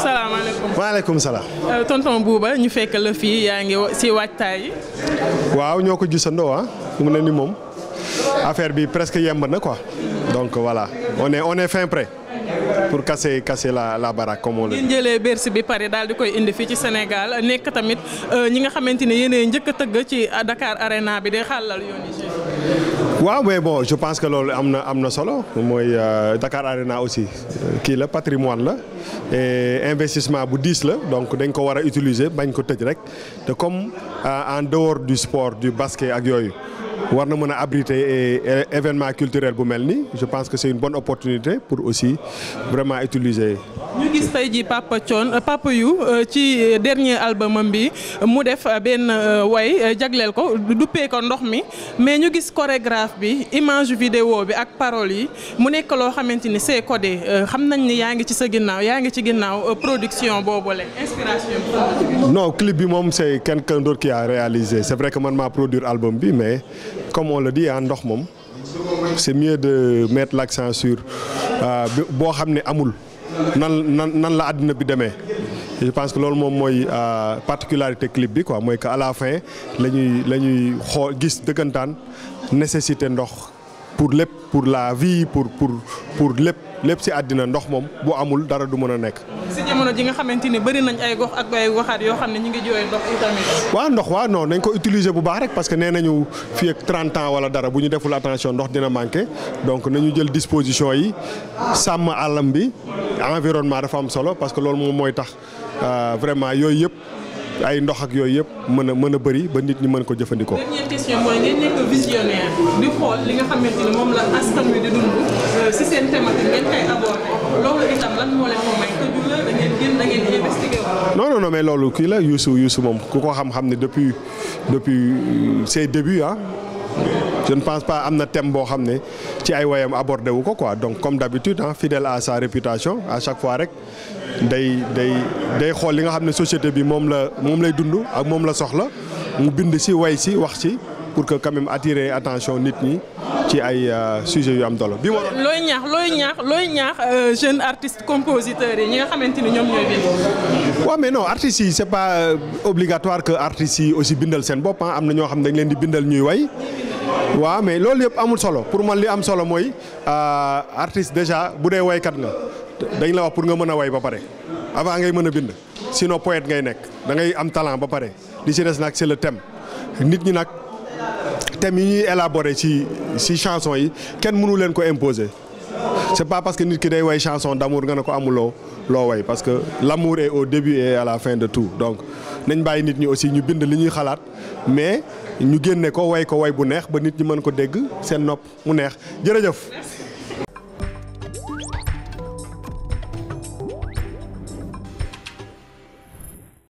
salaamaaleykum. waaleykum salaam. Euh, tonton Bouba ñu fekk la fii yaa ngi si waajtaay yi. waaw ñoo ko gisandoo ah mu ni moom affaire bi presque yemb na ko donc voilà on est on fin prêt pour casser casser la la comme on le dit. ngeen jëlee bi pare daal di koy indi fii ci Sénégal nekk tamit euh, ñi nga xamante ni yéen njëkk a tëgg ci Dakar Arena bi day xàllal yoon yi waaw mais bon je pense que loolu am na am na solo mooy euh, Dakar Arena aussi kii la patrimoine la et investissement bu diis la donc dañ ko war a utiliser bañ ko tëj rek te comme euh, en dehors du sport du basket ak yooyu war na mën a abriter eh, événement culturel bu mel ni je pense que c'est une bonne opportunité pour aussi vraiment utiliser. ñu gis tey ji Papa Thion euh, Papa Yu euh, ci dernier album bi mu def euh, benn way jagleel ko duppee ko ndox mi mais ñu gis chorégraphe bi image vidéo bi ak paroles yi mu nekk loo xamante ni c'est codé xam nañ ni yaa ngi ci sa ginnaaw yaa ngi ci ginnaaw production boobule inspiration. non clip bi moom c'est quelqu'un d'autre qui a réalisé c'est vrai que man maa produire bi mais. comme on le dit ah ndox moom c'est mieux de mettre l'accent sur euh, boo xam ne amul nan nan nan la àddina bi demee je pense que loolu moom mooy euh, particularité clip bi quoi mooy que à la fin la ñuy la ñuy xool gis dëggantaan nécessité ndox pour lépp pour la vie pour pour pour lépp lépp si àddina ndox moom boo amul dara du mën a nekk. si jamono ji nga xamante ni nañ ay gox ak ay yoo xam ne ñu ngi jooy ndox itamit. waaw ndox waaw non nañ ko utiliser bu baax rek parce que nee nañu fii ak 30 wala dara bu ñu deful attention ndox dina manqué donc nañu jël disposition yi sàmm àllam bi environnement dafa am solo parce que loolu moom mooy tax euh, vraiment yooyu yëpp. ay ndox ak yooyu yëpp mën a mën a bëri ba nit ñi mën ko jëfandikoo. Euh, si seen loolu itam lan moo leen may loolu kii la Youssou moom ku ko xam-xam ne depuis depuis euh, ses débuts ah. je ne pense pas am na thème boo xam ne ci ay woyam abordé wu ko quoi donc comme d'habitude ah fidèle à sa réputation à chaque fois rek day day day xool li nga xam ne société bi moom la moom lay dund ak moom la soxla mu bind si way si wax si pour que quand même attirer attention nit ñi. ci ay euh, sujet yu am solo. bi moo doon looy ñaax looy ñaax looy ñaax euh, jeune artiste compositeur yi ñi nga xamante ni ñoom ñooy bind. waaw mais non artistes yi c' est pas euh, obligatoire que artistes yi aussi bindal seen bopp ah. am na ñoo xam dañ leen di bindal ñuy way. waa mais loolu yëpp amul solo pour man li am solo mooy artiste déjà bu dee waykat nga dañ la wax pour nga mën a way ba pare avant ngay mën a bind sinon poète ngay nekk da ngay am talent ba pare di ci des nag c'est le thème nit ñi nag. thèmes yi ñuy élaborer ci ci chanson yi kenn mënu leen ko imposer c'est pas parce que nit ki day way chanson d'amour nga ne ko amuloo loo woy parce que l'amour est au début et à la fin de tout donc nañ bàyyi nit ñi aussi ñu bind li ñuy xalaat mais ñu génne ko woy ko woy bu neex ba nit ñi mën ko dégg seen nopp mu neex jërëjëf